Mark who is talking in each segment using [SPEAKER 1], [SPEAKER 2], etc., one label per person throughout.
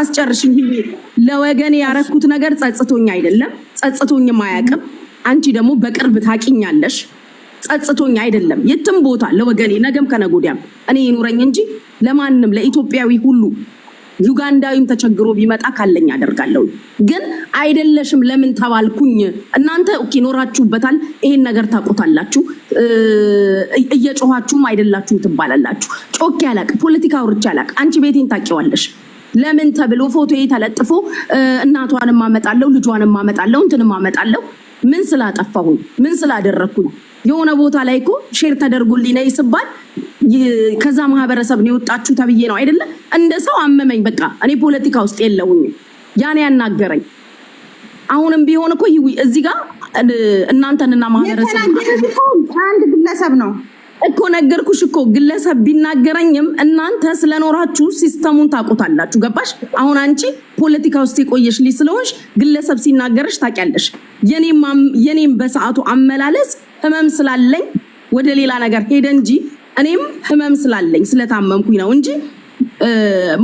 [SPEAKER 1] አስጨርሽኝ ሂጂ። ለወገኔ ያረኩት ነገር ጸጽቶኝ አይደለም፣ ጸጽቶኝም አያውቅም። አንቺ ደግሞ በቅርብ ታቂኛለሽ። ጸጽቶኝ አይደለም የትም ቦታ ለወገኔ ነገም ከነገ ወዲያም እኔ ይኑረኝ እንጂ ለማንም ለኢትዮጵያዊ ሁሉ ዩጋንዳዊም ተቸግሮ ቢመጣ ካለኝ አደርጋለሁ። ግን አይደለሽም ለምን ተባልኩኝ? እናንተ ይኖራችሁበታል፣ ይሄን ነገር ታውቁታላችሁ። እየጮኋችሁም አይደላችሁም ትባላላችሁ። ጮኬ አላቅ፣ ፖለቲካ አውርቼ አላቅ። አንቺ ቤቴን ታውቂዋለሽ። ለምን ተብሎ ፎቶ ተለጥፎ እናቷንም አመጣለሁ፣ ልጇንም አመጣለሁ፣ እንትንም አመጣለሁ። ምን ስላጠፋሁኝ? ምን ስላደረግኩኝ? የሆነ ቦታ ላይ እኮ ሼር ተደርጉልኝ ነይ ስባል ከዛ ማህበረሰብ ነው የወጣችሁ ተብዬ ነው አይደለም። እንደ ሰው አመመኝ። በቃ እኔ ፖለቲካ ውስጥ የለውኝም። ያን ያናገረኝ አሁንም ቢሆን እኮ እዚህ ጋር እናንተንና
[SPEAKER 2] ማህበረሰብ አንድ ግለሰብ ነው
[SPEAKER 1] እኮ ነገርኩሽ እኮ ግለሰብ ቢናገረኝም እናንተ ስለኖራችሁ ሲስተሙን ታውቁታላችሁ። ገባሽ? አሁን አንቺ ፖለቲካ ውስጥ የቆየሽ ልጅ ስለሆንሽ ግለሰብ ሲናገረሽ ታውቂያለሽ። የኔም በሰዓቱ አመላለስ ህመም ስላለኝ ወደ ሌላ ነገር ሄደ እንጂ እኔም ህመም ስላለኝ ስለታመምኩኝ ነው እንጂ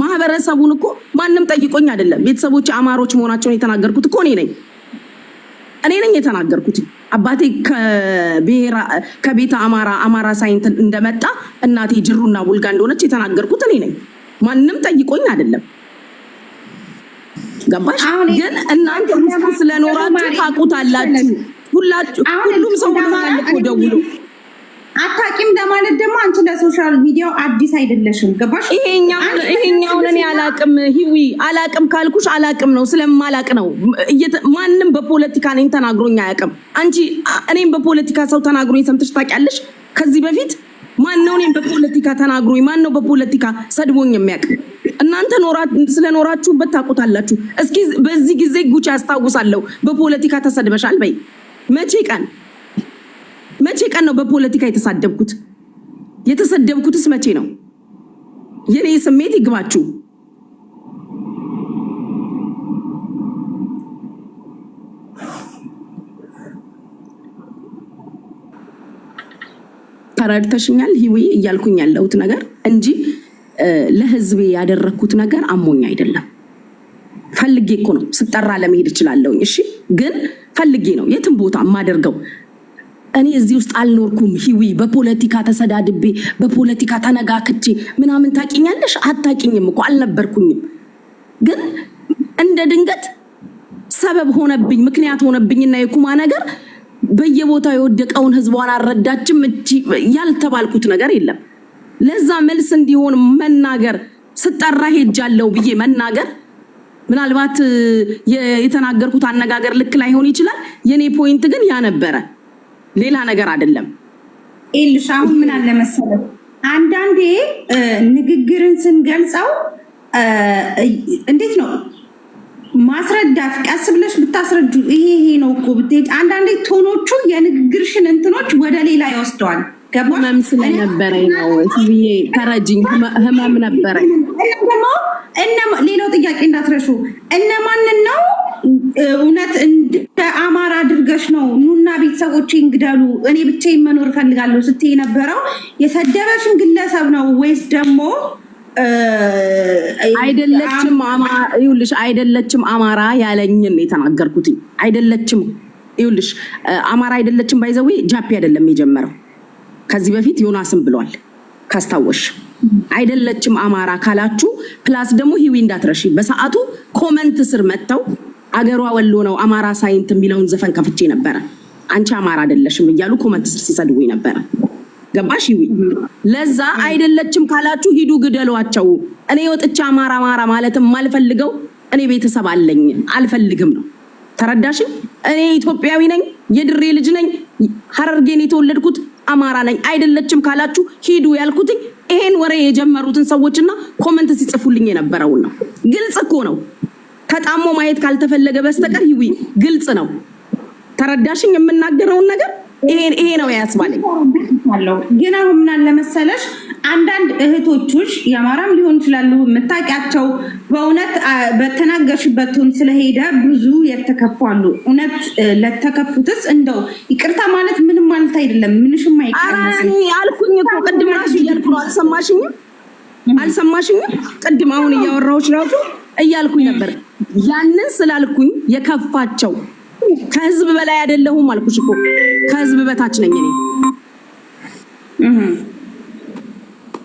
[SPEAKER 1] ማህበረሰቡን እኮ ማንም ጠይቆኝ አይደለም። ቤተሰቦች አማሮች መሆናቸውን የተናገርኩት እኮ እኔ ነኝ እኔ ነኝ የተናገርኩት። አባቴ ከቤተ አማራ አማራ ሳይንት እንደመጣ እናቴ ጅሩና ቡልጋ እንደሆነች የተናገርኩት እኔ ነኝ። ማንም ጠይቆኝ አይደለም። ገባሽ? ግን እናንተ ስለኖራችሁ ታውቁታላችሁ። ሁላችሁ ሁሉም ሰው ደውሎ
[SPEAKER 2] አታቂም ለማለት ደግሞ አንቺ ለሶሻል ሚዲያው አዲስ አይደለሽም። ገባሽ?
[SPEAKER 1] ይሄኛውን እኔ አላቅም ሂዊ አላቅም ካልኩሽ አላቅም ነው ስለማላቅ ነው። ማንም በፖለቲካ እኔን ተናግሮኝ አያቅም። አንቺ እኔም በፖለቲካ ሰው ተናግሮኝ ሰምተሽ ታውቂያለሽ? ከዚህ በፊት ማነው እኔም በፖለቲካ ተናግሮኝ ማነው በፖለቲካ ሰድቦኝ የሚያውቅ? እናንተ ስለኖራችሁበት ታውቁታላችሁ። እስኪ በዚህ ጊዜ ጉቺ ያስታውሳለሁ በፖለቲካ ተሰድበሻል በይ መቼ ቀን መቼ ቀን ነው በፖለቲካ የተሳደብኩት? የተሰደብኩትስ መቼ ነው? የኔ ስሜት ይግባችሁ። ተረድተሽኛል ሂዊ እያልኩኝ ያለሁት ነገር እንጂ ለህዝቤ ያደረግኩት ነገር አሞኝ አይደለም። ፈልጌ እኮ ነው ስጠራ ለመሄድ እችላለሁኝ። እሺ ግን ፈልጌ ነው የትም ቦታ የማደርገው። እኔ እዚህ ውስጥ አልኖርኩም። ሂዊ በፖለቲካ ተሰዳድቤ በፖለቲካ ተነጋክቼ ምናምን ታቂኛለሽ? አታቂኝም እኮ አልነበርኩኝም። ግን እንደ ድንገት ሰበብ ሆነብኝ፣ ምክንያት ሆነብኝና የኩማ ነገር በየቦታው የወደቀውን ህዝቧን አልረዳችም ያልተባልኩት ነገር የለም። ለዛ መልስ እንዲሆን መናገር ስጠራ ሄጃለሁ ብዬ መናገር ምናልባት የተናገርኩት አነጋገር ልክ ላይሆን ይችላል። የኔ ፖይንት ግን ያ ነበረ፣ ሌላ ነገር አይደለም።
[SPEAKER 2] ይኸውልሽ አሁን ምን አለ አንዳንዴ ንግግርን ስንገልጸው እንዴት ነው ማስረዳት ቀስ ብለሽ ብታስረጁ ይሄ ይሄ ነው እኮ ብትሄድ፣ አንዳንዴ ቶኖቹ የንግግርሽን እንትኖች ወደ ሌላ ይወስደዋል።
[SPEAKER 1] ከህመም ስለነበረኝ ነው ብዬ ተረጅኝ። ህመም ነበረኝ።
[SPEAKER 2] ሌላው ጥያቄ እንዳትረሹ እነማንን ነው እውነት እንደ አማራ አድርገሽ ነው ኑና ቤተሰቦች እንግደሉ እኔ ብቻዬን መኖር እፈልጋለሁ ስትይ የነበረው የሰደበሽን ግለሰብ ነው ወይስ ደግሞ
[SPEAKER 1] አይደለችም? ይኸውልሽ አይደለችም አማራ ያለኝን የተናገርኩትኝ አይደለችም። ይኸውልሽ አማራ አይደለችም ባይዘዌ ጃፒ አይደለም የጀመረው ከዚህ በፊት ዮናስም ብሏል ካስታወሽ አይደለችም አማራ ካላችሁ ፕላስ ደግሞ ሂዊ እንዳትረሺ በሰዓቱ ኮመንት ስር መጥተው አገሯ ወሎ ነው አማራ ሳይንት የሚለውን ዘፈን ከፍቼ ነበረ። አንቺ አማራ አይደለሽም እያሉ ኮመንት ስር ሲሰድቡኝ ነበረ። ገባሽ ሂዊ? ለዛ አይደለችም ካላችሁ ሂዱ ግደሏቸው። እኔ ወጥቼ አማራ አማራ ማለትም ማልፈልገው እኔ ቤተሰብ አለኝ አልፈልግም ነው። ተረዳሽም? እኔ ኢትዮጵያዊ ነኝ፣ የድሬ ልጅ ነኝ፣ ሀረርጌን የተወለድኩት አማራ ነኝ አይደለችም ካላችሁ ሂዱ ያልኩትኝ ይሄን ወሬ የጀመሩትን ሰዎችና ኮመንት ሲጽፉልኝ የነበረውን ነው። ግልጽ እኮ ነው። ከጣሞ ማየት ካልተፈለገ በስተቀር ይዊ ግልጽ ነው። ተረዳሽኝ? የምናገረውን ነገር ይሄ ነው ያስባለኝ።
[SPEAKER 2] ግን አሁን ምን መሰለሽ አንዳንድ እህቶችሽ የአማራም ሊሆን ይችላሉ የምታውቂያቸው በእውነት በተናገርሽበትን ስለሄደ ብዙ የተከፏሉ። እውነት ለተከፉትስ እንደው ይቅርታ ማለት ምንም ማለት አይደለም። ምንሽም
[SPEAKER 1] አይቀርም አልኩኝ እኮ ቅድም ራሱ እያልኩ ነው። አልሰማሽኝም? አልሰማሽኝም? ቅድም አሁን እያወራሁሽ ራሱ እያልኩኝ ነበር። ያንን ስላልኩኝ የከፋቸው ከህዝብ በላይ አይደለሁም አልኩሽ እኮ ከህዝብ በታች ነኝ እኔ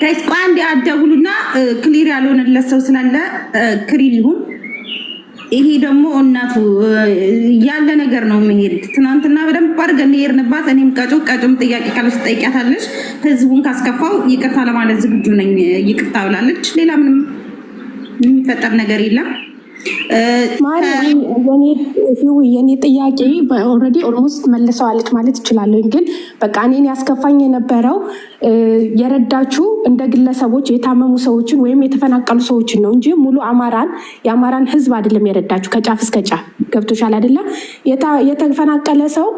[SPEAKER 2] ጋይስ ቆይ አንዴ አደውሉና ክሊር ያልሆነለት ሰው ስላለ ክሪል ይሁን። ይሄ ደግሞ እናቱ ያለ ነገር ነው መሄድ ትናንትና በደንብ አድርገን የሄድንባት እኔም ቀጮ ቀጮም ጥያቄ ካለች ትጠይቂያታለች። ህዝቡን ካስከፋው ይቅርታ ለማለት ዝግጁ ነኝ ይቅርታ ብላለች። ሌላ ምንም የሚፈጠር ነገር የለም። የኔ ጥያቄ ኦልሬዲ ኦልሞስት መልሰዋለች ማለት እችላለሁኝ። ግን በቃ እኔን ያስከፋኝ የነበረው የረዳችሁ እንደ ግለሰቦች የታመሙ ሰዎችን ወይም የተፈናቀሉ ሰዎችን ነው እንጂ ሙሉ አማራን የአማራን ህዝብ አይደለም የረዳችሁ። ከጫፍ እስከ ጫፍ ገብቶሻል አይደለ? የተፈናቀለ ሰው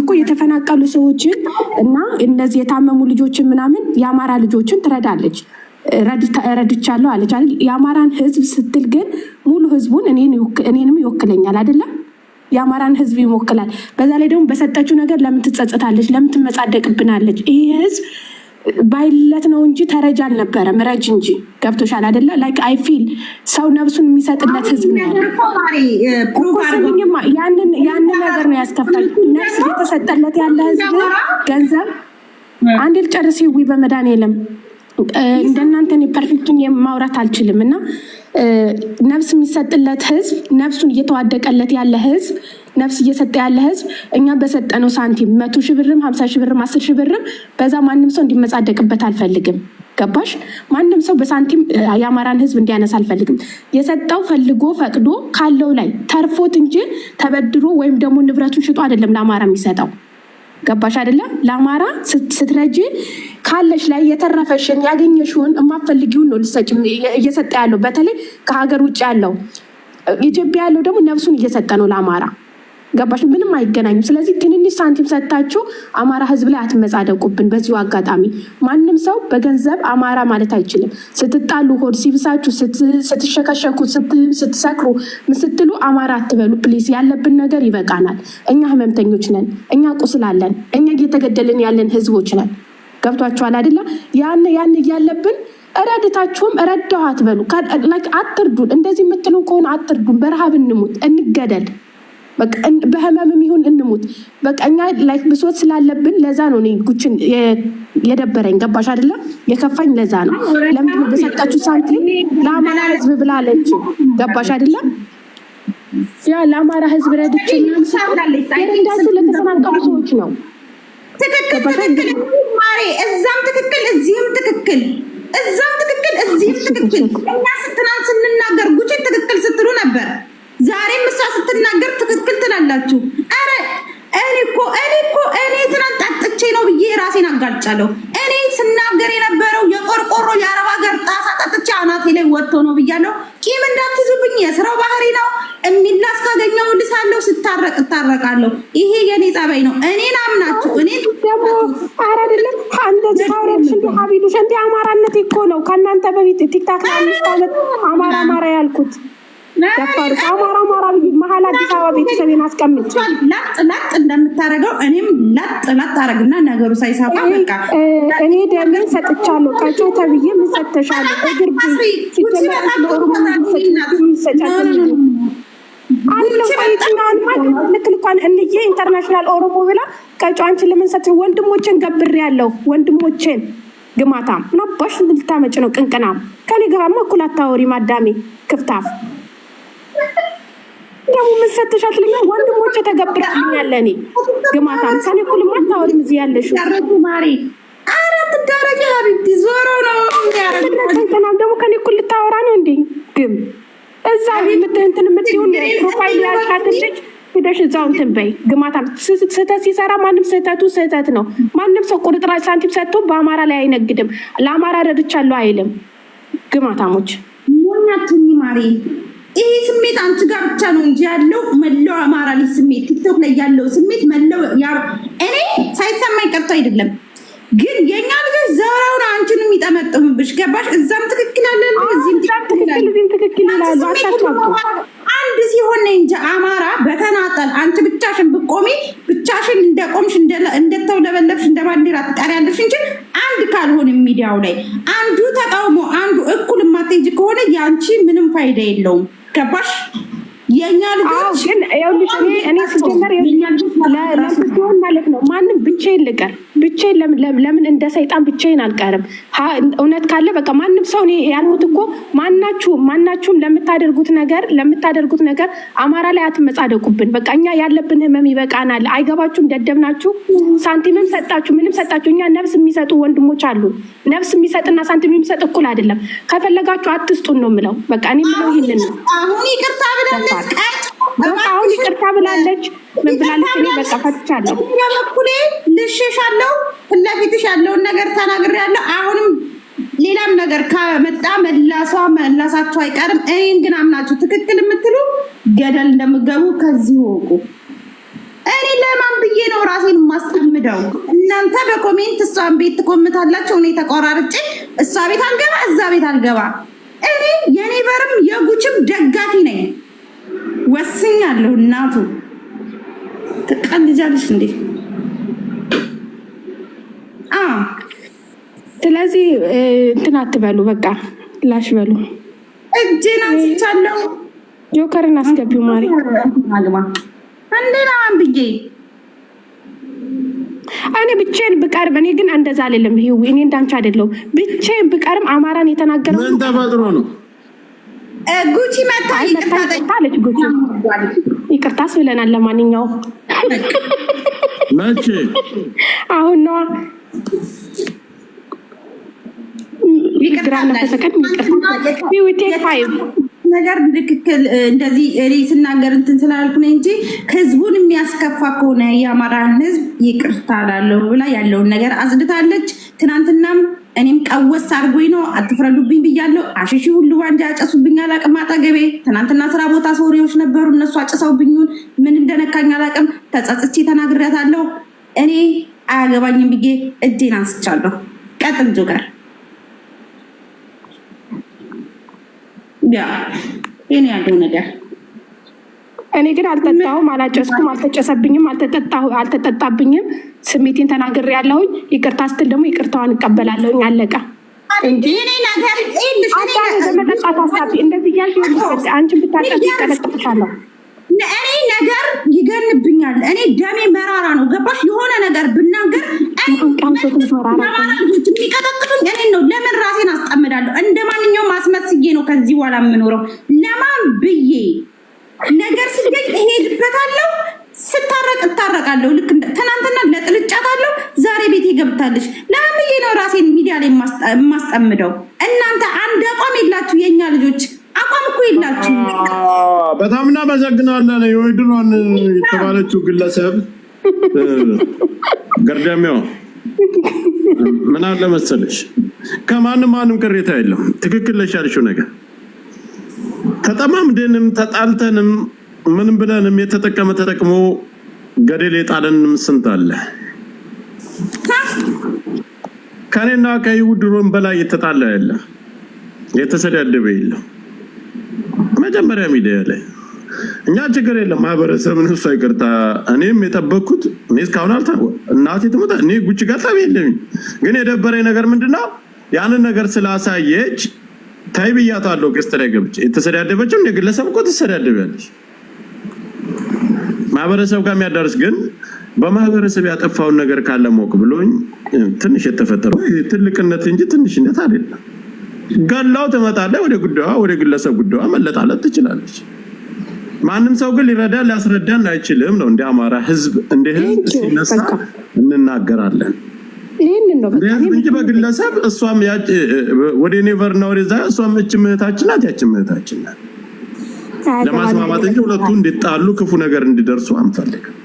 [SPEAKER 2] እኮ የተፈናቀሉ ሰዎችን እና እነዚህ የታመሙ ልጆችን ምናምን የአማራ ልጆችን ትረዳለች። ረድቻለሁ አለች አይደል? የአማራን ህዝብ ስትል ግን ሙሉ ህዝቡን እኔንም ይወክለኛል አይደለም? የአማራን ህዝብ ይወክላል። በዛ ላይ ደግሞ በሰጠችው ነገር ለምን ትጸጽታለች? ለምን ትመጻደቅብናለች? ይህ ህዝብ ባይለት ነው እንጂ ተረጅ አልነበረም። ረጅ እንጂ ገብቶሻል አይደለ? ላይክ አይ ፊል ሰው ነብሱን የሚሰጥለት ህዝብ ነው ያንን ነገር ነው ያስከፋል። ነብስ እየተሰጠለት ያለ ህዝብ ገንዘብ አንድ ልጨርስ ዊ በመድኃኒዓለም እንደናንተ ፐርፌክቱን ማውራት አልችልም እና ነፍስ የሚሰጥለት ህዝብ ነፍሱን እየተዋደቀለት ያለ ህዝብ ነፍስ እየሰጠ ያለ ህዝብ እኛ በሰጠነው ሳንቲም መቶ ሺህ ብርም ሀምሳ ሺህ ብርም አስር ሺህ ብርም በዛ ማንም ሰው እንዲመጻደቅበት አልፈልግም። ገባሽ? ማንም ሰው በሳንቲም የአማራን ህዝብ እንዲያነሳ አልፈልግም። የሰጠው ፈልጎ ፈቅዶ ካለው ላይ ተርፎት እንጂ ተበድሮ ወይም ደግሞ ንብረቱን ሽጦ አይደለም ለአማራ የሚሰጠው ገባሽ አይደለም? ለአማራ ስትረጂ ካለሽ ላይ የተረፈሽን ያገኘሽውን የማፈልጊውን ነው ልሰጭ እየሰጠ ያለው በተለይ ከሀገር ውጭ ያለው ኢትዮጵያ ያለው ደግሞ ነፍሱን እየሰጠ ነው ለአማራ ገባሽ? ምንም አይገናኙም። ስለዚህ ትንንሽ ሳንቲም ሰጥታችሁ አማራ ህዝብ ላይ አትመጻደቁብን። በዚሁ አጋጣሚ ማንም ሰው በገንዘብ አማራ ማለት አይችልም። ስትጣሉ፣ ሆድ ሲብሳችሁ፣ ስትሸከሸኩ፣ ስትሰክሩ፣ ምስትሉ ስትሉ አማራ አትበሉ ፕሊስ። ያለብን ነገር ይበቃናል። እኛ ህመምተኞች ነን። እኛ ቁስላለን። እኛ እየተገደልን ያለን ህዝቦች ነን። ገብቷችኋል አይደለ? ያን ያን እያለብን እረድታችሁም እረዳሁ አትበሉ። አትርዱን። እንደዚህ የምትሉ ከሆነ አትርዱን። በረሃብ እንሙት፣ እንገደል። በህመምም ይሁን እንሙት በቃ እኛ ላይ ብሶት ስላለብን ለዛ ነው ጉችን የደበረኝ። ገባሽ አይደለም? የከፋኝ ለዛ ነው። ለምንድነው በሰጣችሁ ሳንቲም ለአማራ ህዝብ ብላለች። ገባሽ አይደለም? ያ ለአማራ ህዝብ ረድች የረዳችሁ ለተፈናቀሉ ሰዎች ነው። ትክክል ትክክል ማሬ፣ እዛም ትክክል እዚህም ትክክል እዛም ትክክል እዚህም ትክክል። እኛ ስትናን ስንናገር ጉችን ትክክል ስትሉ ነበር ዛሬም እሷ ስትናገር ትክክል ትላላችሁ። ኧረ እኔ እኮ እኔ እኮ እኔ ትናንት ጠጥቼ ነው ብዬ ራሴን አጋልጫለሁ። እኔ ስናገር የነበረው የቆርቆሮ የአረብ ሀገር ጣሳ ጠጥቼ አናቴ ላይ ወጥቶ ነው ብያለሁ። ቂም እንዳትዙብኝ፣ የስራው ባህሪ ነው። እሚላስ ካገኘው ልሳለሁ፣ ስታረቅ እታረቃለሁ። ይሄ የኔ ጸባይ ነው። እኔን አምናችሁ እኔ
[SPEAKER 1] ደግሞ ኧረ አይደለም እንደዚህ ታውሪያለሽ። እንዲ ሀቢሉሽ እንዲ አማራነት እኮ ነው ከእናንተ በፊት ቲክታክ አማራ አማራ ያልኩት አማራ አማራ መሀል አዲስ አበባ ቤተሰቤን አስቀምጭ
[SPEAKER 2] ላጥ ላጥ እንደምታደርገው እኔም ላጥ ላጥ አረግና ነገሩ ሳይሳፋ በቃ
[SPEAKER 1] እኔ ደምን ሰጥቻለሁ። ቀጮ ተብዬ ምን ሰጥተሻለሁ? እግር ልክ እንዬ ኢንተርናሽናል ኦሮሞ ብላ ቀጮ አንቺ ለምን ሰጥሽ? ወንድሞቼን ገብሬያለሁ። ወንድሞቼን ግማታም ናባሽ ልታመጭ ነው ቅንቅናም ከኔ ጋርማ እኩል አታወሪ ማዳሜ ክፍታፍ ደግሞ የምትሰጥሻት ልኛ ወንድሞች ተገብራልኛለ እኔ ግማታ ምሳሌ እኮ ልማት ታወድም እዚህ ያለሽው
[SPEAKER 2] ማሪ አራት ዳረጃ ሀቢብቲ ዞሮ ነው
[SPEAKER 1] ያረግናል። ደግሞ ከኔ እኮ ልታወራ ነው እንዴ? ግም እዛ ምትንትን የምትሆን ፕሮፋይል ያልካትልጅ ሄደሽ እዛው እንትን በይ። ግማታ ስህተት ሲሰራ ማንም ስህተቱ ስህተት ነው። ማንም ሰው ቁርጥራጭ ሳንቲም ሰጥቶ በአማራ ላይ አይነግድም። ለአማራ ረድቻለሁ አይልም። ግማታሞች
[SPEAKER 2] ሞኛቱኝ ማሪ ይሄ ስሜት አንቺ ጋር ብቻ ነው እንጂ ያለው መላው አማራ ልጅ ስሜት፣ ቲክቶክ ላይ ያለው ስሜት መላው እኔ ሳይሰማኝ ቀርቶ አይደለም፣ ግን የኛ ልጆች ዘራውን አንቺንም ይጠመጥሙብሽ። ገባሽ? እዛም ትክክል አለ፣
[SPEAKER 1] እዚህም ትክክል
[SPEAKER 2] አንድ ሲሆን እንጂ አማራ በተናጠል አንቺ ብቻሽን ብቆሚ ብቻሽን እንደቆምሽ እንደተውለበለብሽ እንደ ባንዲራ ትቀሪያለሽ እንጂ አንድ ካልሆን ሚዲያው ላይ አንዱ ተቃውሞ አንዱ እኩል ማቴጅ ከሆነ የአንቺ ምንም ፋይዳ የለውም። Capache የኛ ልጆች
[SPEAKER 1] ግን እኔ ማለት ነው። ማንም ብቻዬን ልቀር ብቻዬን ለምን እንደ ሰይጣን ብቻዬን አልቀርም። እውነት ካለ በቃ ማንም ሰው እኔ ያልኩት እኮ ማናችሁም ማናችሁም ለምታደርጉት ነገር ለምታደርጉት ነገር አማራ ላይ አትመጻደቁብን። በቃ እኛ ያለብን ህመም ይበቃናል። አይገባችሁም። ደደብናችሁ፣ ሳንቲምም ሰጣችሁ፣ ምንም ሰጣችሁ። እኛ ነፍስ የሚሰጡ ወንድሞች አሉ። ነፍስ የሚሰጥና ሳንቲም የሚሰጥ እኩል አይደለም። ከፈለጋችሁ አትስጡን ነው የምለው። በቃ እኔ የምለው ይህንን ነው። አሁን ይቅርታ ብላለች። ምን ብላለች? እኔ በቃ
[SPEAKER 2] ፈትቻለሁ፣ በኩሌ ልሽሻለሁ፣ ፊት ለፊትሽ ያለውን ነገር ተናግሬያለሁ። አሁንም ሌላም ነገር ከመጣ መላሷ መላሳቸው አይቀርም። እኔን ግን አምናችሁ ትክክል የምትሉ ገደል እንደምገቡ ከዚህ ወቁ። እኔ ለማን ብዬ ነው ራሴን የማስጠምደው? እናንተ በኮሜንት እሷን ቤት ትቆምታላችሁ። እኔ ተቆራርጬ እሷ ቤት አልገባ፣ እዛ ቤት አልገባ። እኔ የኔቨርም የጉችም ደጋፊ ነኝ። ወስኛለሁ። እናቱ ትቀልጃለሽ እንዴ?
[SPEAKER 1] ስለዚህ እንትን አትበሉ፣ በቃ ላሽ በሉ።
[SPEAKER 2] እጄን አንስቻለሁ።
[SPEAKER 1] ጆከርን አስገቢው ማሪ
[SPEAKER 2] እንደናን ብዬ
[SPEAKER 1] እኔ ብቻዬን ብቀርብ እኔ ግን እንደዛ አይደለም። ይሄ እኔ እንዳንቺ አይደለሁም። ብቻዬን ብቀርም አማራን የተናገረው ምን ተፈጥሮ ነው ጉቺ መታ ይቅርታለች። ጉቺ ይቅርታስ ብለናል። ለማንኛውም መቼ አሁን ነዋ
[SPEAKER 2] ነገር ትክክል። እንደዚህ እኔ ስናገር እንትን ስላልኩ ነው እንጂ ህዝቡን የሚያስከፋ ከሆነ የአማራን ህዝብ ይቅርታ ላለው ብላ ያለውን ነገር አጽድታለች ትናንትናም እኔም ቀወስ አድርጎኝ ነው አትፍረዱብኝ ብያለሁ። አሽሺ ሁሉ ዋንጃ ያጨሱብኝ አላቅም። አጠገቤ ትናንትና ስራ ቦታ ሰውሬዎች ነበሩ። እነሱ አጭሰውብኝን ምን እንደነካኝ አላቅም። ተጸጽቼ ተናግሬያታለሁ። እኔ አያገባኝም ብዬ እጄን አንስቻለሁ። ቀጥንጆ ጋር ያ ይህን ያለው ነገር
[SPEAKER 1] እኔ ግን አልጠጣሁም፣ አላጨስኩም፣ አልተጨሰብኝም፣ አልተጠጣብኝም። ስሜቴን ተናግር ያለውኝ ይቅርታ ስትል ደግሞ ይቅርታዋን እቀበላለሁኝ። አለቀ። መጠጣት ሀሳብ እንደዚህ እያልሽ አንቺን ብታቀብ ይቀለጥፍሻለሁ።
[SPEAKER 2] እኔ ነገር ይገንብኛል። እኔ ደሜ መራራ ነው። ገባሽ? የሆነ ነገር ብናገር የሚቀጠቅጡኝ እኔን ነው። ለምን ራሴን አስጠምዳለሁ? እንደ ማንኛውም አስመስዬ ነው ከዚህ በኋላ የምኖረው ለማን ብዬ ነገር ሲገኝ እሄድበታለሁ፣ ስታረቅ እታረቃለሁ። ልክ ትናንትና ለጥልጫታለሁ፣ ዛሬ ቤት ገብታለች። ለምዬ ነው ራሴን ሚዲያ ላይ የማስጠምደው? እናንተ አንድ አቋም የላችሁ የእኛ ልጆች አቋም እኮ የላችሁ።
[SPEAKER 3] በጣም እናመሰግናለን። የወይድሯን የተባለችው ግለሰብ ገርዳሚዋ ምን አለ መሰለሽ፣ ከማንም ማንም ቅሬታ የለም። ትክክል ለሻልሽው ነገር ተጠማምደንም ተጣልተንም ምንም ብለንም የተጠቀመ ተጠቅሞ ገደል የጣለንም ስንት አለ። ከኔና ከይሁድ ድሮም በላይ የተጣላ ያለ የተሰዳደበ የለም። መጀመሪያ ሚዲያ ላይ እኛ ችግር የለም ማህበረሰብ ንሱ ይቅርታ፣ እኔም የጠበኩት እኔ እስካሁን አልታ እናቴ ትሞታ እኔ ጉጭ ጋር የለኝ። ግን የደበረኝ ነገር ምንድነው ያንን ነገር ስላሳየች ታይ ብያታለሁ። ቅስት ላይ ገብቼ የተሰዳደበችም እንደ ግለሰብ እኮ ትሰዳደቢያለች። ማህበረሰብ ጋር የሚያዳርስ ግን በማህበረሰብ ያጠፋውን ነገር ካለ ሞቅ ብሎኝ ትንሽ የተፈጠረው ትልቅነት እንጂ ትንሽነት አይደለም። ገላው ትመጣለች። ወደ ጉዳዋ ወደ ግለሰብ ጉዳዋ መለጣለት ትችላለች። ማንም ሰው ግን ሊረዳ ሊያስረዳን አይችልም ነው። እንደ አማራ ህዝብ እንደ ህዝብ ሲነሳ እንናገራለን። ይህንን ነው ቢያንስ በግለሰብ እሷም ወደ ኔቨር ነው ወደዛ እሷም እች ምህታችን ናት፣ ያች ምህታችን ናት። ለማስማማት እንጂ ሁለቱ እንዲጣሉ ክፉ ነገር እንዲደርሱ አንፈልግም።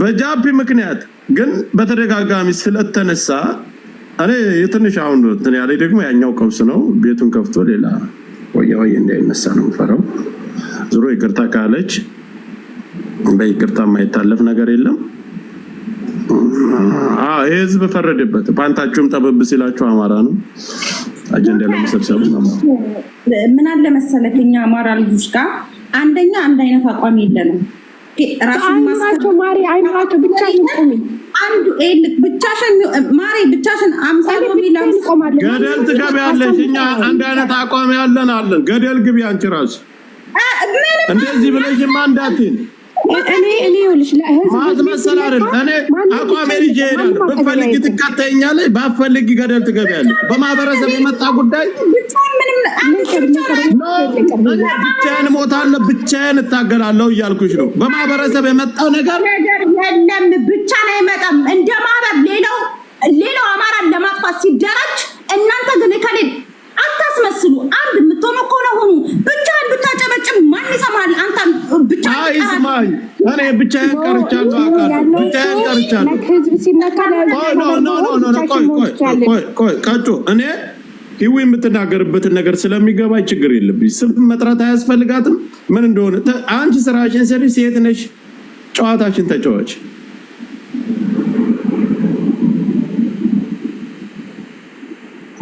[SPEAKER 3] በጃፒ ምክንያት ግን በተደጋጋሚ ስለተነሳ እኔ የትንሽ አሁን እንትን ያለ ደግሞ ያኛው ቀውስ ነው። ቤቱን ከፍቶ ሌላ ወያ ወየ እንዳይነሳ ነው የምፈራው። ዝሮ ይቅርታ ካለች በይቅርታ የማይታለፍ ነገር የለም። ይህ ህዝብ ፈረደበት። ፓንታችሁም ጠበብ ሲላችሁ አማራ ነው አጀንዳ ለመሰብሰብ
[SPEAKER 2] ምን አለ መሰለህ፣ እኛ አማራ ልጆች ጋር አንደኛ አንድ አይነት አቋም የለንም።
[SPEAKER 1] አይምራቸው ማሪ አይምራቸው ብቻሽን ቁሚ።
[SPEAKER 2] አንዱ ኤልክ ብቻሽን ማሪ ብቻሽን አምሳ ሚላም
[SPEAKER 3] ቆማለ። ገደል ትገቢያለሽ። እኛ አንድ አይነት አቋም ያለን አለን። ገደል ግቢ አንቺ ራስሽ እንደዚህ ብለሽማ እንዳትይን ማስመሰል አይደል። ገደል ትገቢያለሽ። በማህበረሰብ የመጣ ጉዳይ ብቻዬን እሞታለሁ፣ ብቻዬን እታገላለሁ እያልኩሽ ነው። በማህበረሰብ የመጣው ነገር
[SPEAKER 2] የለም። ብቻ ነው አይመጣም። እንደ ማህበር ሌላው ሌላው አማራን ለማጥፋት ሲደራጅ እናንተ ግን ከሌ አታስመስሉ አንድ በመኮነ ሁኑ ብቻህን ብታጨበጭም ማን ይሰማል? አንተ ብቻ
[SPEAKER 3] ይስማኝ። እኔ ብቻዬን ቀርቻለሁ፣ ብቻዬን ቀርቻለሁ። ቆይ ቀጮ እኔ ይዊ የምትናገርበትን ነገር ስለሚገባኝ ችግር የለብኝ። ስም መጥራት አያስፈልጋትም። ምን እንደሆነ አንቺ ስራሽን ስሪ። ሴት ነሽ፣ ጨዋታሽን ተጫዋች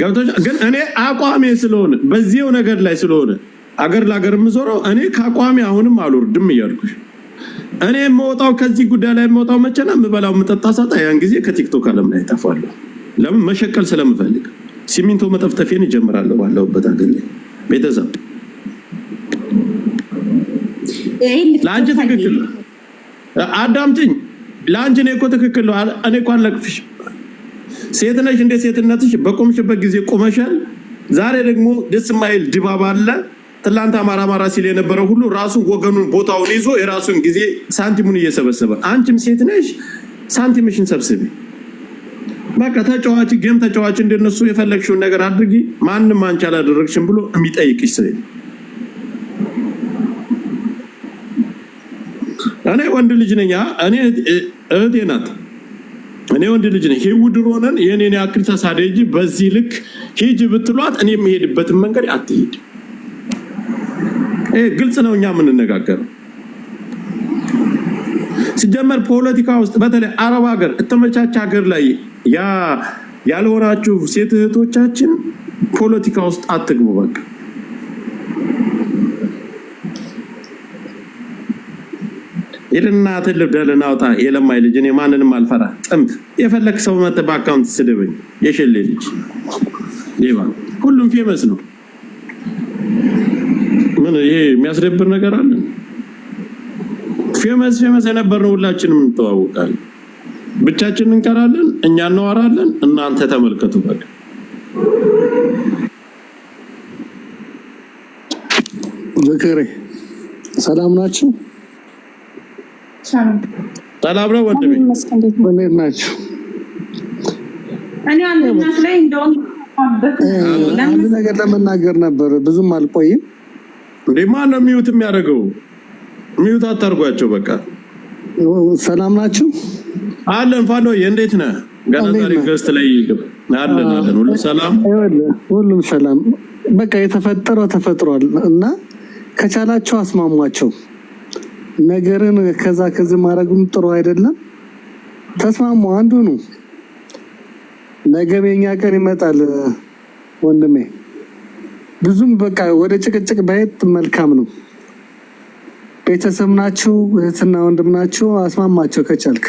[SPEAKER 3] ገብቶች ግን እኔ አቋሜ ስለሆነ በዚው ነገር ላይ ስለሆነ አገር ለአገር የምዞረው እኔ ከአቋሜ አሁንም አልወርድም እያልኩሽ እኔ የምወጣው ከዚህ ጉዳይ ላይ የምወጣው መቼና የምበላው የምጠጣ ሳጣ ያን ጊዜ ከቲክቶክ አለም ላይ እጠፋለሁ። ለምን መሸቀል ስለምፈልግ ሲሚንቶ መጠፍጠፌን እጀምራለሁ ባለሁበት አገር ላይ ቤተሰብ ለአንቺ ትክክል አዳምጪኝ። ለአንቺ እኔ እኮ ትክክል እኔ እኮ ለቅፍሽ ሴት ነሽ፣ እንደ ሴትነትሽ በቆምሽበት ጊዜ ቆመሻል። ዛሬ ደግሞ ደስ የማይል ድባብ አለ። ትላንት አማራ አማራ ሲል የነበረ ሁሉ ራሱ ወገኑን ቦታውን ይዞ የራሱን ጊዜ ሳንቲሙን እየሰበሰበ፣ አንቺም ሴት ነሽ፣ ሳንቲምሽን ሰብስቢ። በቃ ተጫዋች ጌም ተጫዋች እንደነሱ የፈለግሽውን ነገር አድርጊ። ማንም አንቺ አላደረግሽም ብሎ የሚጠይቅሽ ሰው እኔ ወንድ ልጅ ነኝ። እኔ እህቴ ናት እኔ ወንድ ልጅ ነኝ። ይህ ውድር ሆነን የእኔን ያክል ተሳደይ እንጂ በዚህ ልክ ሂጅ ብትሏት እኔ የምሄድበትን መንገድ አትሄድ። ግልጽ ነው እኛ የምንነጋገረው። ሲጀመር ፖለቲካ ውስጥ በተለይ አረብ ሀገር እተመቻች ሀገር ላይ ያልሆናችሁ ሴት እህቶቻችን ፖለቲካ ውስጥ አትግቡ በቃ። የልናትን ደልን አውጣ የለማይ ልጅ እኔ ማንንም አልፈራ ጥምት የፈለግ ሰው መጥ በአካውንት ስድብኝ የሸሌ ልጅ ሌባ ሁሉም ፌመስ ነው። ምን ይሄ የሚያስደብር ነገር አለ? ፌመስ ፌመስ የነበርነው ሁላችንም እንተዋወቃለን። ብቻችን እንቀራለን፣ እኛ እናወራለን። እናንተ ተመልከቱ በቃ ዘከሬ ሰላም ናችሁ? ጠላብረ ወንድሜ እንዴት ናቸው?
[SPEAKER 1] እኔ አንድ እናት ላይ እንደውም
[SPEAKER 3] አንድ ነገር ለመናገር ነበር። ብዙም አልቆይም። እንዴ ነው ሚዩት የሚያደርገው? ሚዩት አታርጓቸው። በቃ
[SPEAKER 4] ሰላም ናችሁ?
[SPEAKER 3] አለን ፋኖዬ፣ እንዴት ነህ? ገና ዛሬ ገስት ላይ አለን አለን። ሁሉም ሰላም፣
[SPEAKER 4] ሁሉም ሰላም። በቃ የተፈጠረው ተፈጥሯል እና ከቻላቸው አስማሟቸው ነገርን ከዛ ከዚህ ማድረግም ጥሩ አይደለም። ተስማሙ፣ አንዱ ነው። ነገም የኛ ቀን ይመጣል ወንድሜ። ብዙም በቃ ወደ ጭቅጭቅ በየት መልካም ነው። ቤተሰብ ናችሁ፣ እህትና ወንድም ናችሁ። አስማማቸው ከቻልክ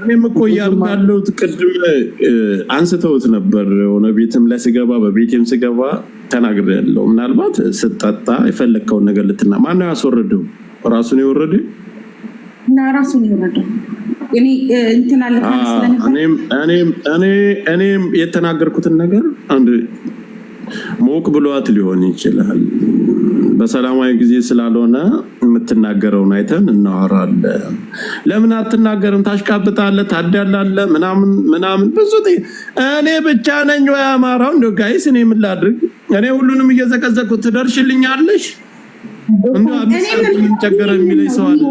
[SPEAKER 3] እኔም እኮ እያልኩ ያለሁት ቅድም አንስተውት ነበር። የሆነ ቤትም ላይ ስገባ በቤቴም ስገባ ያለው ምናልባት ስጠጣ የፈለግከውን ነገር ልትና ማነው ያስወረደው? ራሱን የወረደ
[SPEAKER 1] እና ራሱን የወረደው
[SPEAKER 3] እኔም የተናገርኩትን ነገር አንድ ሞቅ ብሏት ሊሆን ይችላል። በሰላማዊ ጊዜ ስላልሆነ የምትናገረውን አይተን እናወራለን። ለምን አትናገርም? ታሽቃብጣለ፣ ታዳላለ፣ ምናምን ምናምን ብዙ እኔ ብቻ ነኝ ወይ አማራው? እንደ ጋይስ፣ እኔ ምን ላድርግ? እኔ ሁሉንም እየዘቀዘቁ ትደርሽልኛለሽ እንደ አምስት ምን ቸገረ የሚለኝ ሰው አለ።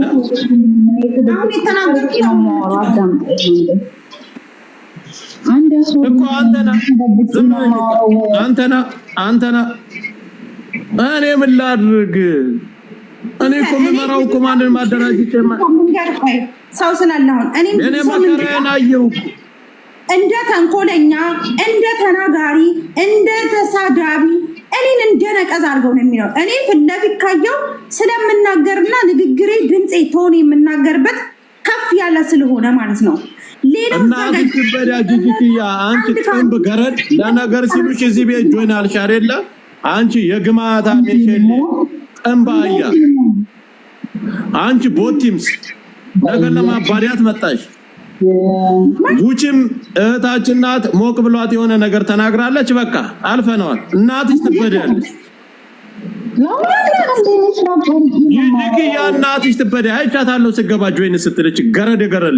[SPEAKER 3] አንተና እኔ ምን ላድርግ? እኔ እኮ የምመራው እኮ ማንን
[SPEAKER 1] ሰው ስላለሁን
[SPEAKER 3] መከራዬን አየሁ።
[SPEAKER 1] እንደ ተንኮለኛ፣ እንደ ተናጋሪ፣ እንደ ተሳዳቢ እኔን እንደ ነቀዝ አድርገው ነው የሚለው። እኔ ፊት ለፊት ካየው ስለምናገርና ንግግሬ ድምፄ ቶን የምናገርበት ከፍ ያለ ስለሆነ ማለት ነው
[SPEAKER 3] እና አትክበዳ ጅጅክያ አንቺ ጥንብ ገረድ ለነገር ሲሉሽ እዚህ ቤት ጆይን አልሽ አይደለ? አንቺ የግማታ ሜሸል ጥንብ አያ አንቺ ቦቲምስ ነገር ለማባሪያት መጣሽ። ጉቺም እህታችን ናት። ሞቅ ብሏት የሆነ ነገር ተናግራለች። በቃ አልፈነዋል። እናትሽ ትበዳለች። ይህ እናትሽ ትበዳ አይቻታለሁ። ስገባ ጆይን ስትልች ገረድ የገረድ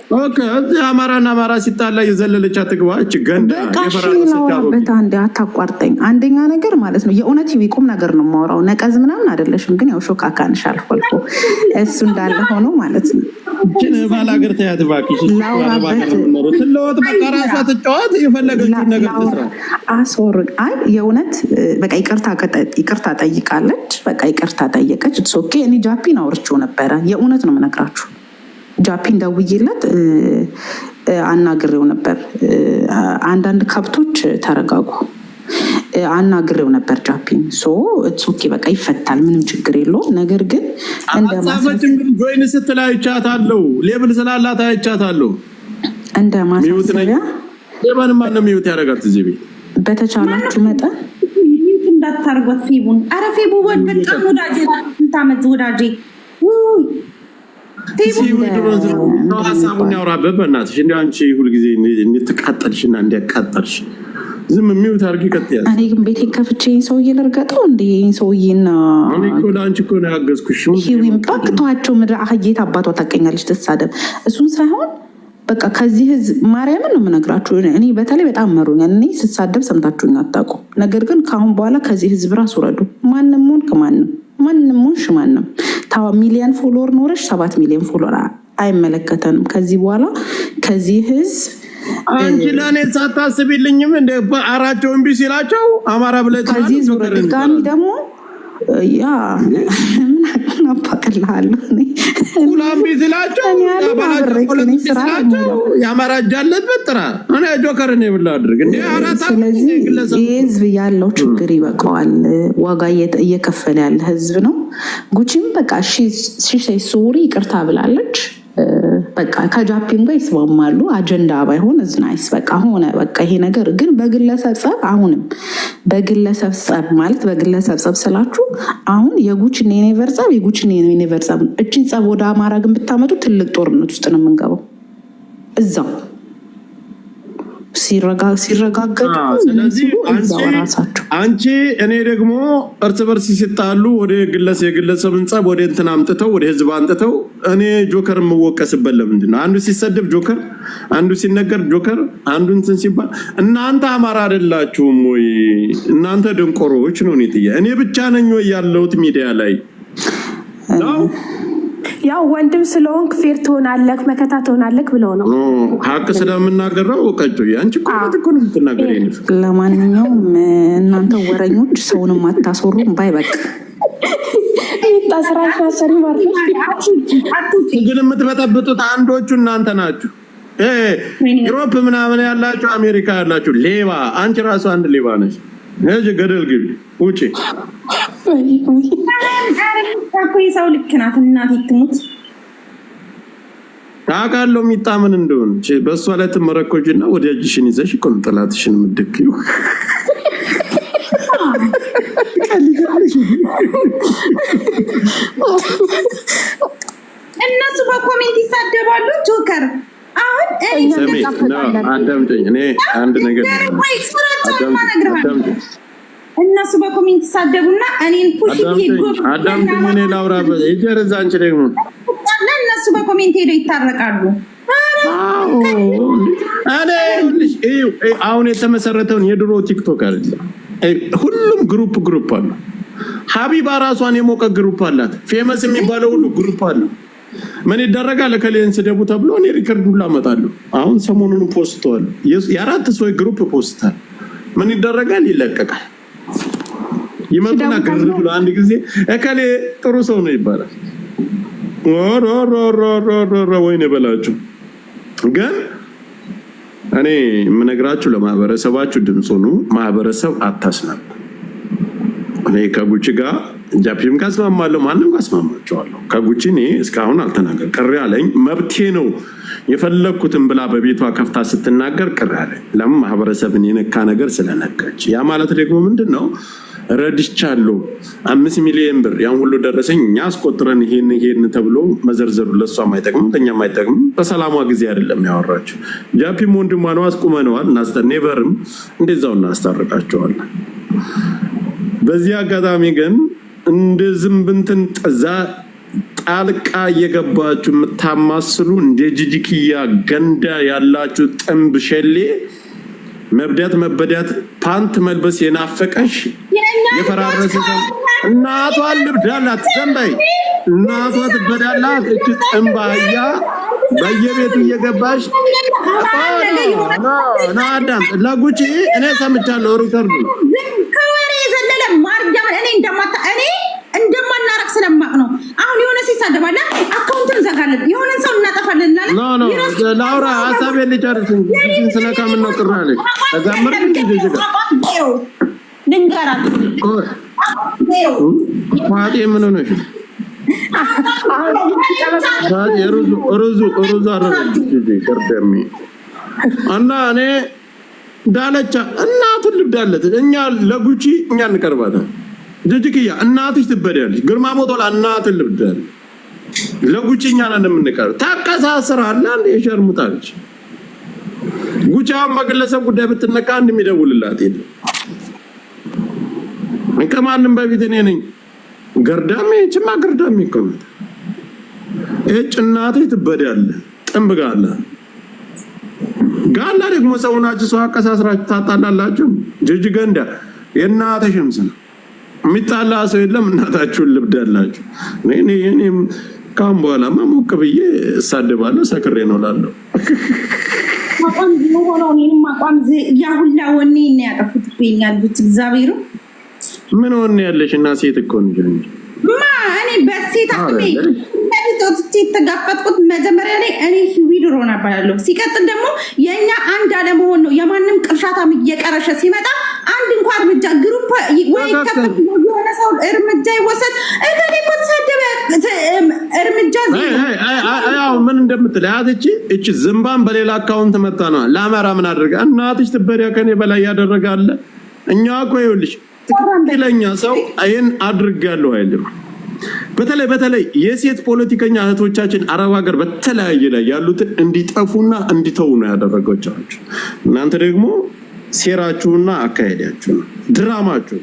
[SPEAKER 3] እዚህ አማራና አማራ ሲጣላ የዘለለች አትግባ። እች ገንዳ
[SPEAKER 1] አንድ አታቋርጠኝ። አንደኛ ነገር ማለት ነው የእውነት ቁም ነገር ነው የማወራው። ነቀዝ ምናምን አይደለሽም፣ ግን ያው ሾካ ካንሽ አልፎ አልፎ እሱ እንዳለ ሆኖ ማለት ነው
[SPEAKER 3] ግን ባል ተያት እባክሽ። ትለወጥ ትጫወት፣ የፈለገችውን ነገር
[SPEAKER 1] ትስራ። አይ የእውነት በቃ ይቅርታ ጠይቃለች። በቃ ይቅርታ ጠየቀች። ኦኬ እኔ ጃፒን አውርቼው ነበረ። የእውነት ነው የምነግራችሁ ጃፒን ደውዬለት አናግሬው ነበር። አንዳንድ ከብቶች ተረጋጉ አናግሬው ነበር ጃፒን ሶ ኦኬ በቃ ይፈታል፣ ምንም ችግር የለው። ነገር ግን
[SPEAKER 3] ጆይን ስትል አይቻታለሁ፣ ሌብል ስላላት አይቻታለሁ።
[SPEAKER 1] እንደ ማሳሰቢያ
[SPEAKER 3] ሌባን ማንም ሚዩት ያደርጋት እዚህ ቤት
[SPEAKER 1] በተቻላችሁ መጠን
[SPEAKER 2] እንዳታርጓት ፌቡን። አረ ፌቡ ወድ በጣም ወዳጄ፣ ስንት ዓመት ወዳጄ
[SPEAKER 3] ሀሳቡን ያውራበት በእናትሽ። እንዲ አንቺ ሁልጊዜ እንድትቃጠልሽ እና እንዲያቃጠልሽ ዝም የሚውት አድርጊ።
[SPEAKER 1] እኔ ግን ከፍቼ ይህን ሰውዬ ልርገጠው እንደ ይህን ሰውዬና
[SPEAKER 3] ለአንቺ እኮ ነው ያገዝኩሽ።
[SPEAKER 1] ሂዊም በቅቷቸው ምድር አባቷ ታቀኛለች። ትሳደብ እሱን ሳይሆን በቃ ከዚህ ህዝብ ማርያምን ነው የምነግራችሁ። እኔ በተለይ በጣም መሩኛል። እኔ ሰምታችሁኝ አታውቁም። ነገር ግን ከአሁን በኋላ ከዚህ ህዝብ ራስ ውረዱ። ማንም ሆንክ ማንም ማንም ሆንሽ ማንም ታዋ ሚሊየን ፎሎወር ኖረሽ ሰባት ሚሊዮን ፎሎወር አይመለከተንም። ከዚህ በኋላ ከዚህ ህዝብ
[SPEAKER 3] አንቺ ለእኔ ሳታስቢልኝም እንደ አራቸው እምቢ ሲላቸው አማራ ብለ
[SPEAKER 1] ከዚህ ህዝብ ድጋሚ ደግሞ ያ ምን አባቅልሃለሁ ህዝብ ያለው ችግር ይበቀዋል። ዋጋ እየከፈለ ያለ ህዝብ ነው። ጉቺም በቃ ሶሪ ይቅርታ ብላለች። በቃ ከጃፒም ጋር ይስማማሉ። አጀንዳ ባይሆን እዝናይስ በቃ ሆነ በቃ ይሄ ነገር ግን በግለሰብ ጸብ፣ አሁንም በግለሰብ ጸብ ማለት በግለሰብ ጸብ ስላችሁ አሁን የጉችን የኔቨር ጸብ የጉችን የኔቨር ጸብ እችን ጸብ ወደ አማራ ግን ብታመጡ ትልቅ ጦርነት ውስጥ ነው የምንገባው እዛው ሲረጋገጡ አንቺ እኔ ደግሞ እርስ በርስ ሲጣሉ ወደ ግለስ የግለሰብ ጸብ ወደ እንትን አምጥተው ወደ ህዝብ አምጥተው እኔ ጆከር የምወቀስበት ለምንድን ነው? አንዱ ሲሰደብ ጆከር፣ አንዱ ሲነገር ጆከር፣ አንዱ እንትን ሲባል እናንተ አማራ አይደላችሁም ወይ? እናንተ ደንቆሮዎች ነው። እኔ ብቻ ነኝ ወይ ያለሁት ሚዲያ ላይ ነው? ያው ወንድም ስለሆንክ ፌር ትሆናለክ፣ መከታ ትሆናለክ ብለው ነው ሀቅ ስለምናገረው ቀጮ አንቺ ኮኮን ምትናገር። ለማንኛውም እናንተ ወረኞች ሰውንም አታስወሩም። ባይ በቃ ግን የምትበጠብጡት አንዶቹ እናንተ ናችሁ። ዩሮፕ ምናምን ያላችሁ አሜሪካ ያላችሁ ሌባ። አንቺ ራሱ አንድ ሌባ ነች። እጅ ገደል ግቢ ውጪ። የሰው ልክ ናት እናቴ ትሙት። ታውቃለሁ ሚጣ እንደሆን እንደሆነ። በእሷ ላይ ትመረኮጅና ወዲያጅሽን ይዘሽ ቆንጠላትሽን ምድክ እነሱ በኮሜንት ይሳደባሉ ጆከር እነሱ በኮሜንት ሳደቡና እኔን ፑሽ አዳምጥኝ፣ ላውራ ይጨርስ። አንቺ ደግሞ እነሱ በኮሜንት ሄደው ይታረቃሉ። አሁን የተመሰረተውን የድሮ ቲክቶክ አለ። ሁሉም ግሩፕ ግሩፕ አሉ። ሀቢባ ራሷን የሞቀ ግሩፕ አላት። ፌመስ የሚባለው ሁሉ ግሩፕ አለው። ምን ይደረጋል እከሌን ስደቡ ተብሎ እኔ ሪከርዱን ሁላ አሁን ሰሞኑን ፖስተዋል፣ የአራት ሰው ግሩፕ ፖስታል። ምን ይደረጋል ይለቀቃል። ይመጡና ከዚህ ብሎ አንድ ጊዜ እከሌ ጥሩ ሰው ነው ይባላል። ወይን የበላችሁ ግን እኔ የምነግራችሁ ለማህበረሰባችሁ ድምፅ ሁኑ። ማህበረሰብ አታስነኩ። እኔ ከጉቺ ጋር ጃፒም ጋር አስማማለሁ ማንም ጋር እስማማቸዋለሁ። ከጉቺ እኔ እስካሁን አልተናገር ቅር ያለኝ መብቴ ነው። የፈለግኩትን ብላ በቤቷ ከፍታ ስትናገር ቅር ያለኝ ለምን ማህበረሰብን የነካ ነገር ስለነገች። ያ ማለት ደግሞ ምንድን ነው? ረድቻለሁ፣ አምስት ሚሊዮን ብር ያን ሁሉ ደረሰኝ እኛ አስቆጥረን ይሄን ይሄን ተብሎ መዘርዘሩ ለእሷ ማይጠቅም ለእኛም ማይጠቅም በሰላሟ ጊዜ አይደለም ያወራችው። ጃፒም ወንድሟ ነው፣ አስቁመነዋል። ኔቨርም እንደዛው እናስታርቃቸዋለን። በዚህ አጋጣሚ ግን እንደ ዝምብንትን ጠዛ ጣልቃ እየገባችሁ የምታማስሉ እንደ ጅጅክያ ገንዳ ያላችሁ ጥንብ ሸሌ መብዳት መበዳት ፓንት መልበስ የናፈቀሽ የፈራረሰ እናቷ ልብዳላት ዘንበይ እናቷ ትበዳላት። እች ጥንብ አህያ በየቤቱ እየገባሽ ና አዳም ለጉቺ እኔ ሰምቻለሁ ሪከርዱ እንደማታ እኔ እንደማናረቅ ስለማቅ ነው። አሁን የሆነ ሲሳደባለ አካውንትን እንዘጋለን፣ የሆነን ሰው እናጠፋለን እናለን። ላውራ ሀሳቤን ልጨርስ ስለከምን ነው ቅራለች ልንገራት ቋጤ ምን ሆነሽ ሩዝ አረረች እና እኔ ዳለቻ እናቱን ልዳለት እኛ ለጉቺ እኛ እንቀርባታል ጅጅግያ እናትሽ ትበዳለች። ግርማ ሞቶላ እናት ልብደል ለጉጭኛ ነን የምንቀር ታቀሳስራለ አንድ የሸርሙጣለች ጉጫውን በግለሰብ ጉዳይ ብትነካ አንድ የሚደውልላት የለም። ከማንም በፊት እኔ ነኝ። ገርዳሜ ችማ ገርዳሜ ይኮነት እጭ እናትሽ ትበዳለ ጥንብ ጋላ ጋላ ደግሞ ሰውናችሁ ሰው አቀሳስራችሁ ታጣላላችሁ። ጅጅገንዳ የእናትሽም ስነ የሚጣላ ሰው የለም። እናታችሁን ልብዳላችሁ። ያላችሁ እኔም ካሁን በኋላማ ሞቅ ብዬ እሳድባለሁ፣ ሰክሬ ነው ላለው አቋም ሆነው እኔንም አቋም ያ ወኔ ነው ያጠፉት እኛ ልጆች። እግዚአብሔር ምን ወኔ ያለሽ እና ሴት እኮ እንጂ ማ እኔ በሴት አቅሜ ቶትቼ የተጋፈጥኩት መጀመሪያ ላይ እኔ ህዊ ድሮና ባላለሁ። ሲቀጥል ደግሞ የእኛ አንድ አለመሆን ነው። የማንም ቅርሻታም እየቀረሸ ሲመጣ አንድ እንኳ እርምጃ ግሩፕ ወይ ከፍ የሆነ ሰው እርምጃ ይወሰድ። እገሌ እኮ ተሳደበ እርምጃ ምን እንደምትል ያትች እች ዝምባን በሌላ አካውንት መጣ ነው ለአማራ ምን አደረገ? እናትች ትበሪያ ከኔ በላይ ያደረጋለ እኛ እኮ ይኸውልሽ ትክክለኛ ሰው ይህን አድርጋለሁ አይልም። በተለይ በተለይ የሴት ፖለቲከኛ እህቶቻችን አረብ ሀገር በተለያየ ላይ ያሉትን እንዲጠፉና እንዲተዉ ነው ያደረገቻቸው። እናንተ ደግሞ ሴራችሁና አካሄዳችሁ ድራማችሁ